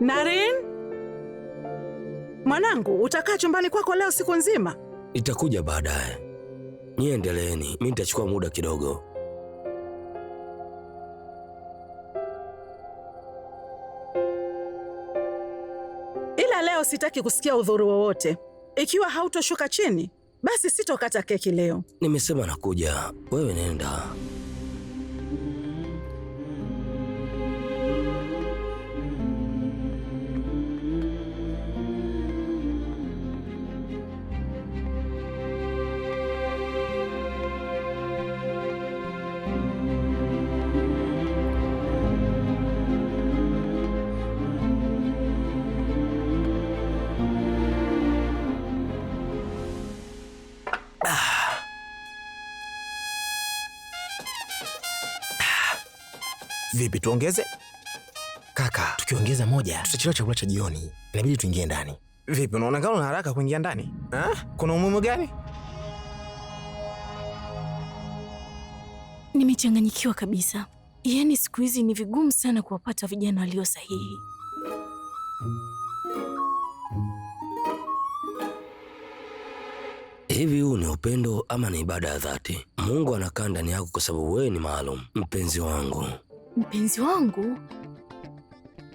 Naren, mwanangu, utakaa chumbani kwako leo siku nzima? Itakuja baadaye, niendeleeni, mi nitachukua muda kidogo. Ila leo sitaki kusikia udhuru wowote. Ikiwa hautoshuka chini, basi sitokata keki leo. Nimesema nakuja, wewe nenda. mbili tuongeze kaka, tukiongeza moja tutachelewa chakula cha jioni, inabidi tuingie ndani. Vipi, unaona kama una haraka kuingia ndani? Kuna umuhimu gani? Nimechanganyikiwa kabisa. Yaani siku hizi ni vigumu sana kuwapata vijana walio sahihi. Hivi huu ni upendo ama ni ibada ya dhati? Mungu anakaa ndani yako kwa sababu wewe ni maalum, mpenzi wangu. Mpenzi wangu,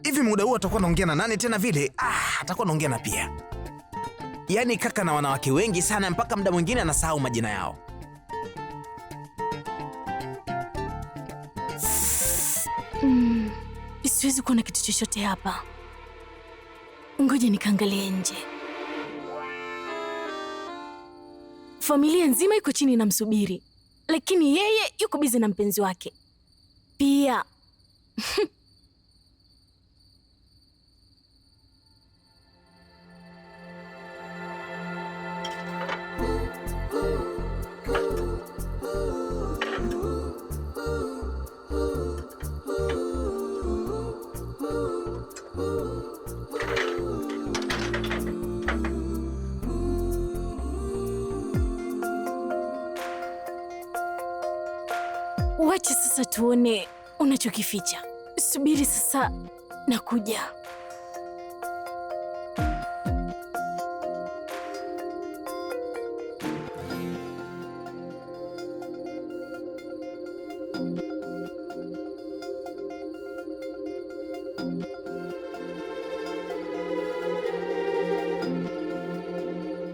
hivi muda huu atakuwa naongea na nani tena vile? Ah, atakuwa naongea na Pia. Yaani kaka na wanawake wengi sana, mpaka muda mwingine anasahau majina yao. Mm, siwezi kuona kitu chochote hapa, ngoja nikaangalie nje. Familia nzima iko chini na msubiri, lakini yeye yuko bize na mpenzi wake Pia. wace sasa tuone unachokificha. Subiri sasa, nakuja.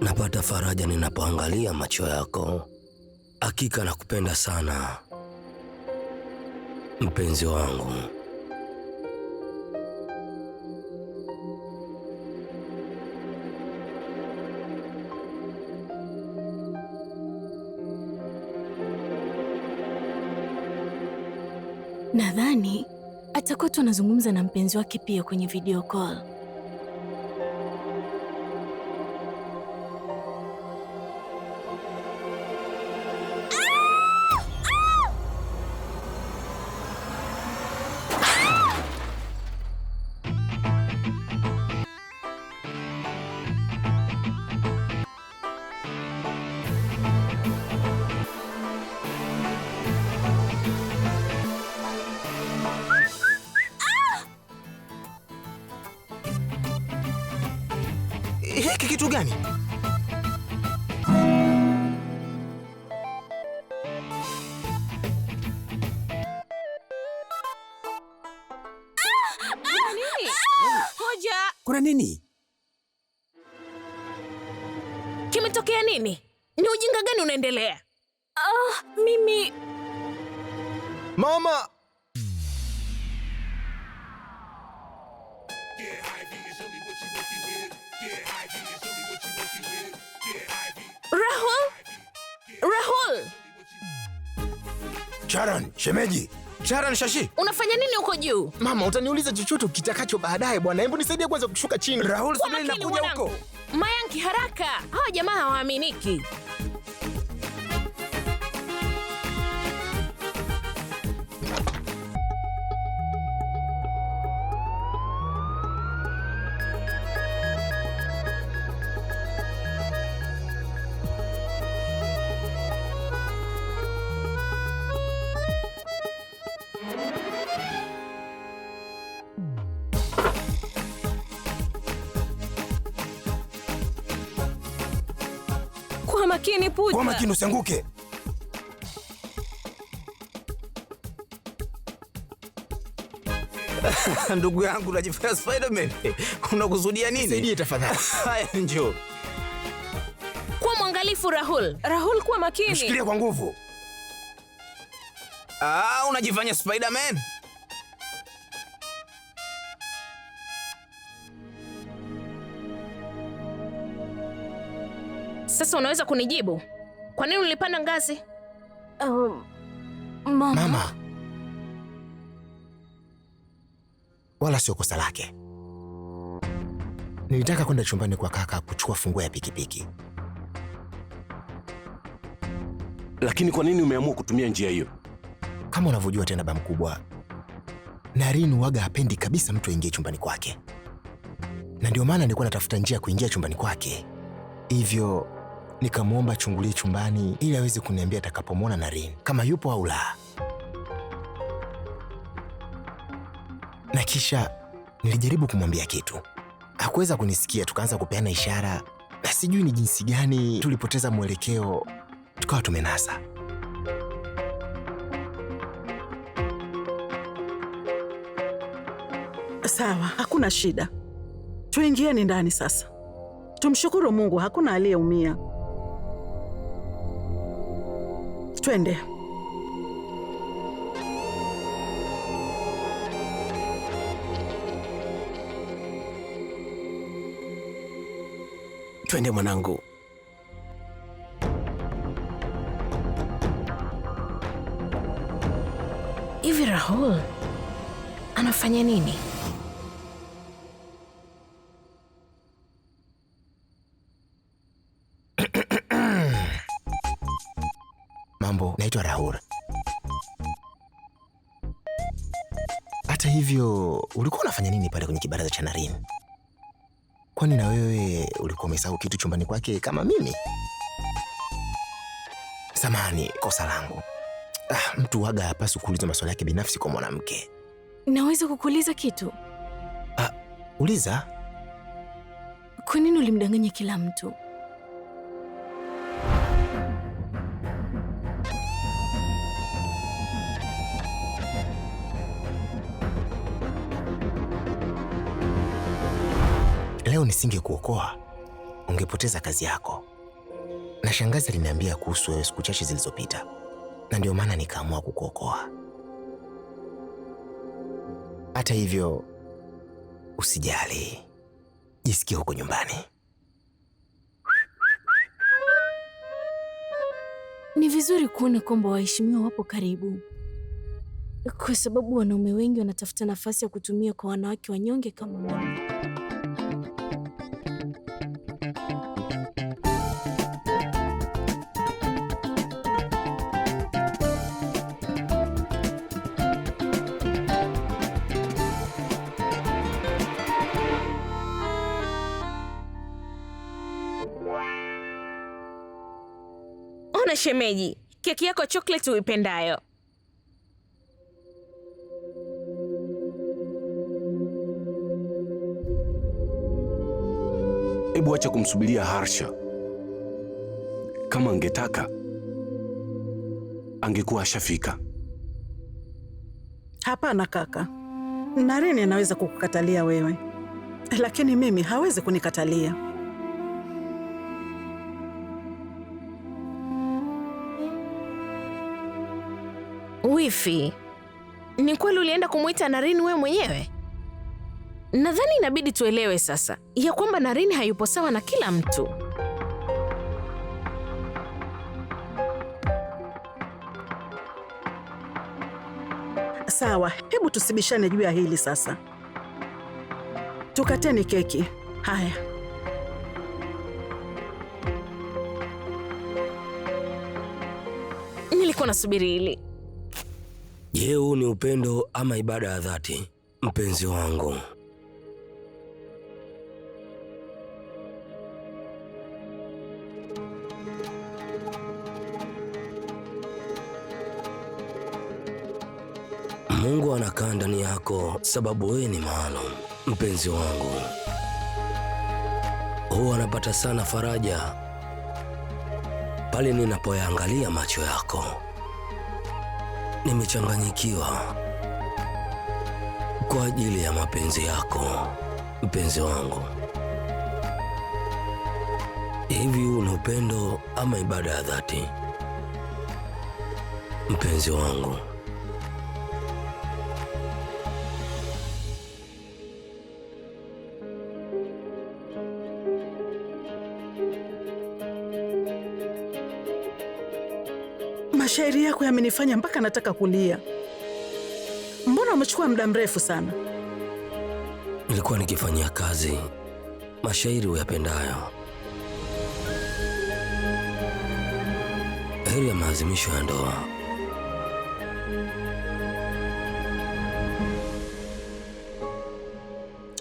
Napata faraja ninapoangalia macho yako. Hakika nakupenda sana mpenzi wangu. Nadhani atakuwa tu anazungumza na mpenzi wake pia kwenye video call. hiki kitu gani? Sharon, shemeji. Sharon Shashi, unafanya nini huko juu? Mama, utaniuliza chochote ukitakacho baadaye bwana. Hebu nisaidie kwanza kushuka chini. Rahul, subiri nakuja huko. Mayanki, haraka. Hawa jamaa hawaaminiki. Kwa makini Pooja. Kwa makini usianguke. Ndugu yangu unajifanya Spiderman. Unakusudia nini? Nisaidie tafadhali. Haya njoo. Kwa mwangalifu Rahul. Rahul, kwa makini. Mshikilie kwa nguvu. Ah, unajifanya spider Spiderman. Sasa unaweza kunijibu kwa nini ulipanda ngazi? Um, mama. Mama wala sio kosa lake. Nilitaka kwenda chumbani kwa kaka kuchukua funguo ya pikipiki. Lakini kwa nini umeamua kutumia njia hiyo? Kama unavyojua tena, ba mkubwa, Naren waga hapendi kabisa mtu aingie chumbani kwake, na ndio maana nilikuwa natafuta njia ya kuingia chumbani kwake hivyo nikamwomba achungulie chumbani ili aweze kuniambia atakapomwona Naren kama yupo au la, na kisha nilijaribu kumwambia kitu, hakuweza kunisikia. Tukaanza kupeana ishara na sijui ni jinsi gani tulipoteza mwelekeo, tukawa tumenasa. Sawa, hakuna shida, tuingieni ndani sasa. Tumshukuru Mungu, hakuna aliyeumia. twende. Twende mwanangu. Hivi Rahul anafanya nini? Mambo, naitwa Rahul. Hata hivyo, ulikuwa unafanya nini pale kwenye kibaraza cha Naren? Kwani na wewe ulikuwa umesahau kitu chumbani kwake kama mimi? Samani, kosa langu. Ah, mtu waga hapaswi kuuliza maswala yake binafsi kwa mwanamke. Naweza kukuuliza kitu? Ah, uliza. Kwa nini ulimdanganya kila mtu? nisingekuokoa ungepoteza kazi yako, na shangazi aliniambia kuhusu wewe siku chache zilizopita, na ndio maana nikaamua kukuokoa. Hata hivyo, usijali, jisikie huko nyumbani. Ni vizuri kuona kwamba waheshimiwa wapo karibu, kwa sababu wanaume wengi wanatafuta nafasi ya kutumia kwa wanawake wanyonge kama mimi. na shemeji, keki yako chocolate uipendayo. Hebu acha kumsubiria Harsha. Kama angetaka angekuwa ashafika. Hapana kaka, Naren anaweza kukukatalia wewe, lakini mimi hawezi kunikatalia. Wifi, ni kweli ulienda kumwita Naren wewe mwenyewe? Nadhani inabidi tuelewe sasa ya kwamba Naren hayupo sawa na kila mtu. Sawa, hebu tusibishane juu ya hili sasa. Tukateni keki. Haya. Nilikuwa nasubiri hili. Je, huu ni upendo ama ibada ya dhati, mpenzi wangu? Mungu anakaa ndani yako, sababu wewe ni maalum, mpenzi wangu. Huwa anapata sana faraja pale ninapoyaangalia macho yako. Nimechanganyikiwa kwa ajili ya mapenzi yako mpenzi wangu. Hivi huu ni upendo ama ibada ya dhati, mpenzi wangu? mashairi yako yamenifanya mpaka nataka kulia. Mbona umechukua muda mrefu sana? Nilikuwa nikifanyia kazi mashairi uyapendayo. Heri ya maazimisho ya ndoa.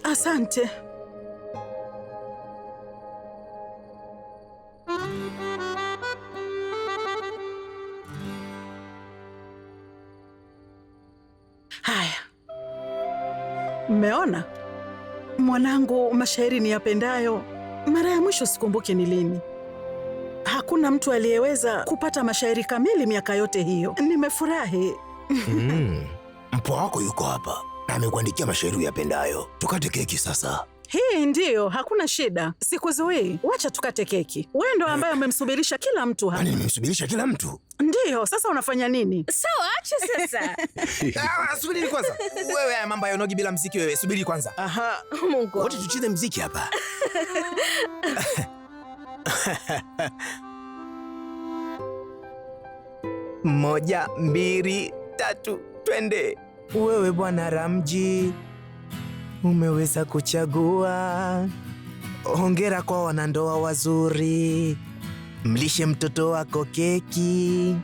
Asante. Haya, mmeona mwanangu, mashairi ni yapendayo. Mara ya mwisho sikumbuki ni lini. Hakuna mtu aliyeweza kupata mashairi kamili miaka yote hiyo. Nimefurahi. Mm, mpwa wako yuko hapa na amekuandikia mashairi yapendayo Tukate keki sasa. Hii ndiyo, hakuna shida, sikuzuii. Wacha tukate keki. Wewe ndo eh. ambaye umemsubirisha kila mtu hapa. Nimemsubirisha kila mtu? Ndiyo. Sasa unafanya nini? Sawa, acha sasa. Ah, subiri kwanza wewe, haya mambo yanogi bila mziki. Wewe subiri kwanza. Aha, oh Mungu, wote tucheze mziki hapa. Moja, mbili, tatu, twende. Wewe bwana Ramji umeweza kuchagua. Hongera kwa wanandoa wazuri, mlishe mtoto wako keki.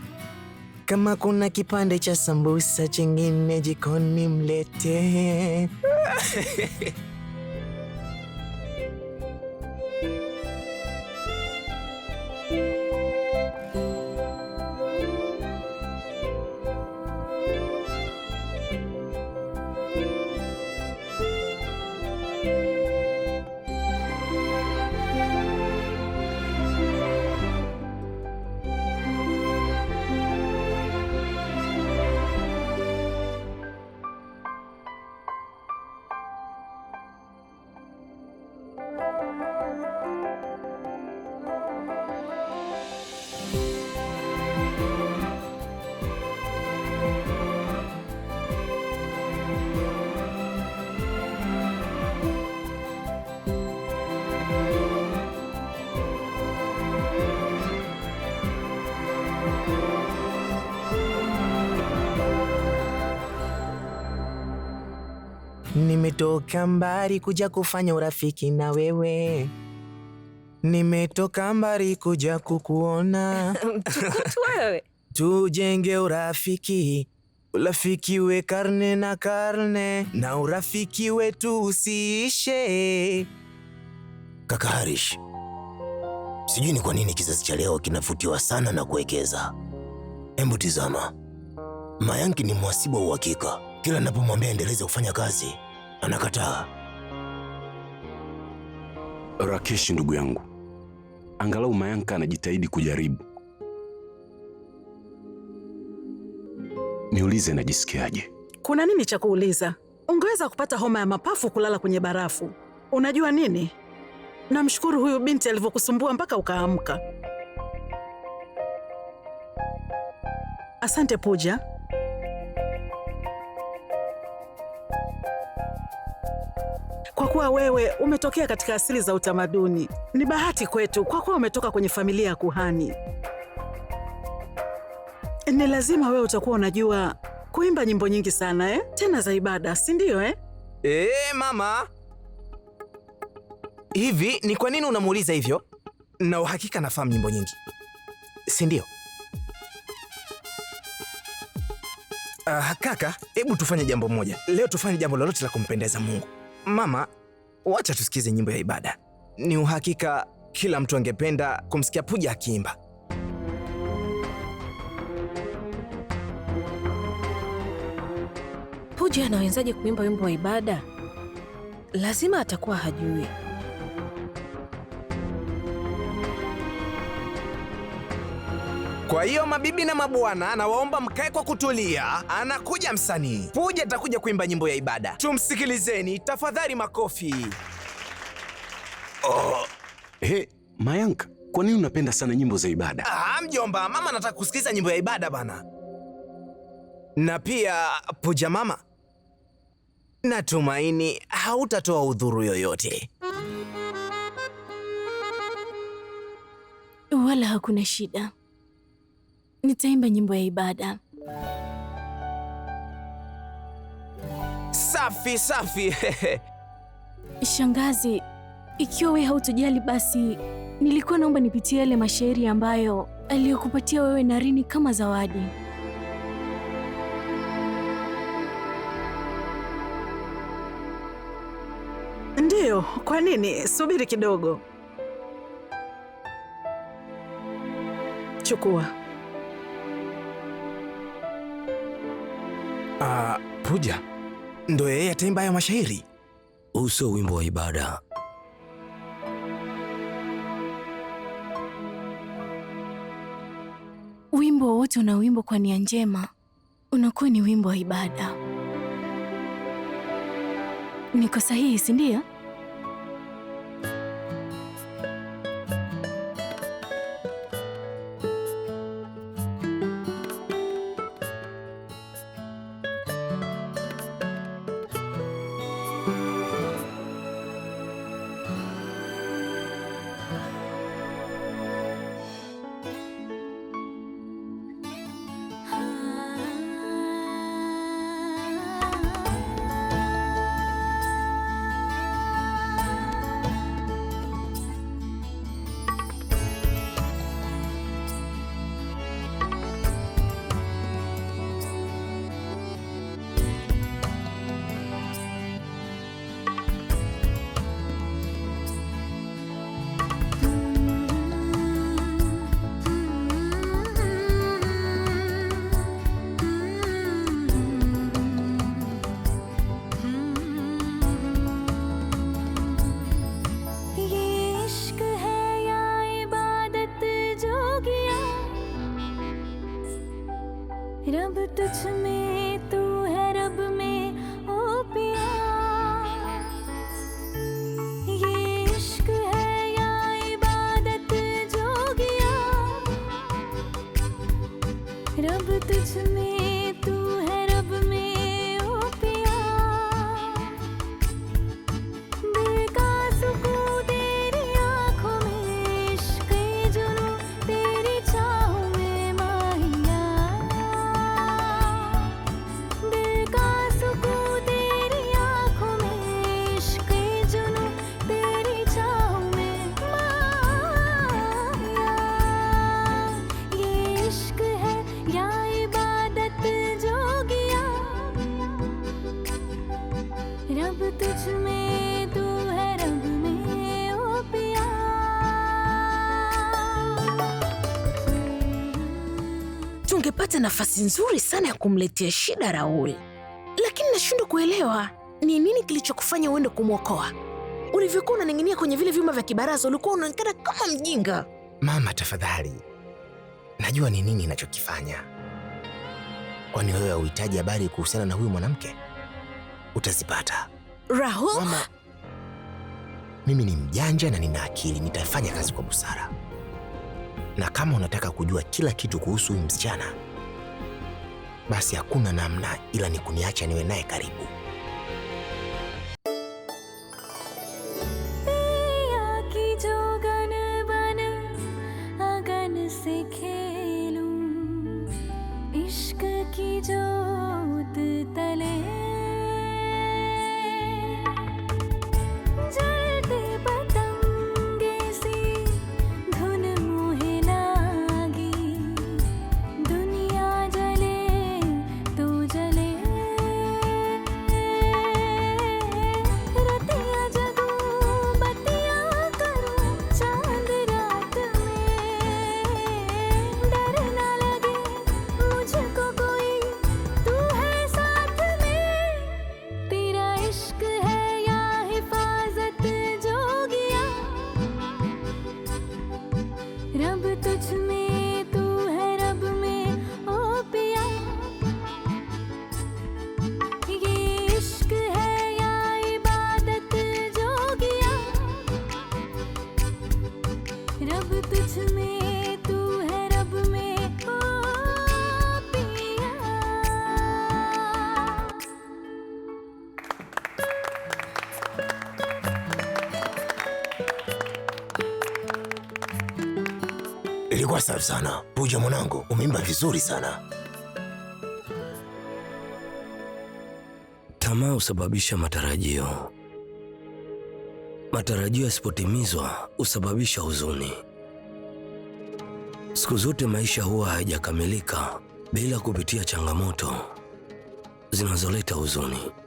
Kama kuna kipande cha sambusa chingine jikoni, mlete thank you. Nimetoka mbali kuja kufanya urafiki na wewe, nimetoka mbali kuja kukuona tujenge urafiki, urafiki we karne na karne, na urafiki wetu usiishe. Kaka Harish, sijui ni kwa nini kizazi cha leo kinavutiwa sana na kuwekeza. Hebu tizama, Mayanki ni mhasibu wa uhakika. Kila ninapomwambia endeleze kufanya kazi anakataa. Rakeshi, ndugu yangu, angalau Mayanka anajitahidi kujaribu. Niulize najisikiaje? Kuna nini cha kuuliza? Ungeweza kupata homa ya mapafu kulala kwenye barafu. Unajua nini, namshukuru huyu binti alivyokusumbua mpaka ukaamka. Asante Puja. kuwa wewe umetokea katika asili za utamaduni. Ni bahati kwetu kwa kuwa umetoka kwenye familia ya kuhani. Ni lazima wewe utakuwa unajua kuimba nyimbo nyingi sana eh? Tena za ibada, si ndio eh? E, mama, hivi ni kwa nini unamuuliza hivyo? Na uhakika nafahamu nyimbo nyingi, si ndio? Uh, kaka, hebu tufanye jambo moja leo, tufanye jambo lolote la kumpendeza Mungu. Mama, wacha tusikize nyimbo ya ibada. Ni uhakika kila mtu angependa kumsikia puja akiimba. puja anawezaje kuimba wimbo wa ibada? Lazima atakuwa hajui. Kwa hiyo mabibi na mabwana, anawaomba mkae kwa kutulia. Anakuja msanii Puja, atakuja kuimba nyimbo ya ibada. Tumsikilizeni tafadhali, makofi. Oh. Hey, Mayank, kwa nini unapenda sana nyimbo za ibada? Ah, mjomba, mama anataka kusikiliza nyimbo ya ibada bana. Na pia Puja mama, natumaini hautatoa udhuru yoyote. Wala hakuna shida nitaimba nyimbo ya ibada. Safi safi. Shangazi, ikiwa wewe hautojali basi, nilikuwa naomba nipitie yale mashairi ambayo aliyokupatia wewe Rini kama zawadi. Ndiyo, kwa nini? Subiri kidogo. Chukua. Ah, Puja ndo yeye ataimba ya mashairi? Huu sio wimbo wa ibada. Wimbo wowote unaoimbwa kwa nia njema unakuwa ni wimbo wa ibada. Niko sahihi, si ndio? Rabbit to me. nimepata nafasi nzuri sana ya kumletea shida Raul, lakini nashindwa kuelewa ni nini kilichokufanya uende kumwokoa. Ulivyokuwa unaning'inia kwenye vile vyuma vya kibaraza, ulikuwa unaonekana kama mjinga. Mama tafadhali, najua ni nini inachokifanya Kwani wewe hauhitaji habari kuhusiana na huyu mwanamke? Utazipata Rahul. Mama, mimi ni mjanja na nina akili, nitafanya kazi kwa busara, na kama unataka kujua kila kitu kuhusu huyu msichana basi hakuna namna ila ni kuniacha niwe naye karibu. Ilikuwa safi sana. Puja mwanangu, umeimba vizuri sana. Tamaa husababisha matarajio, matarajio yasipotimizwa husababisha huzuni. Siku zote maisha huwa hayajakamilika bila kupitia changamoto zinazoleta huzuni.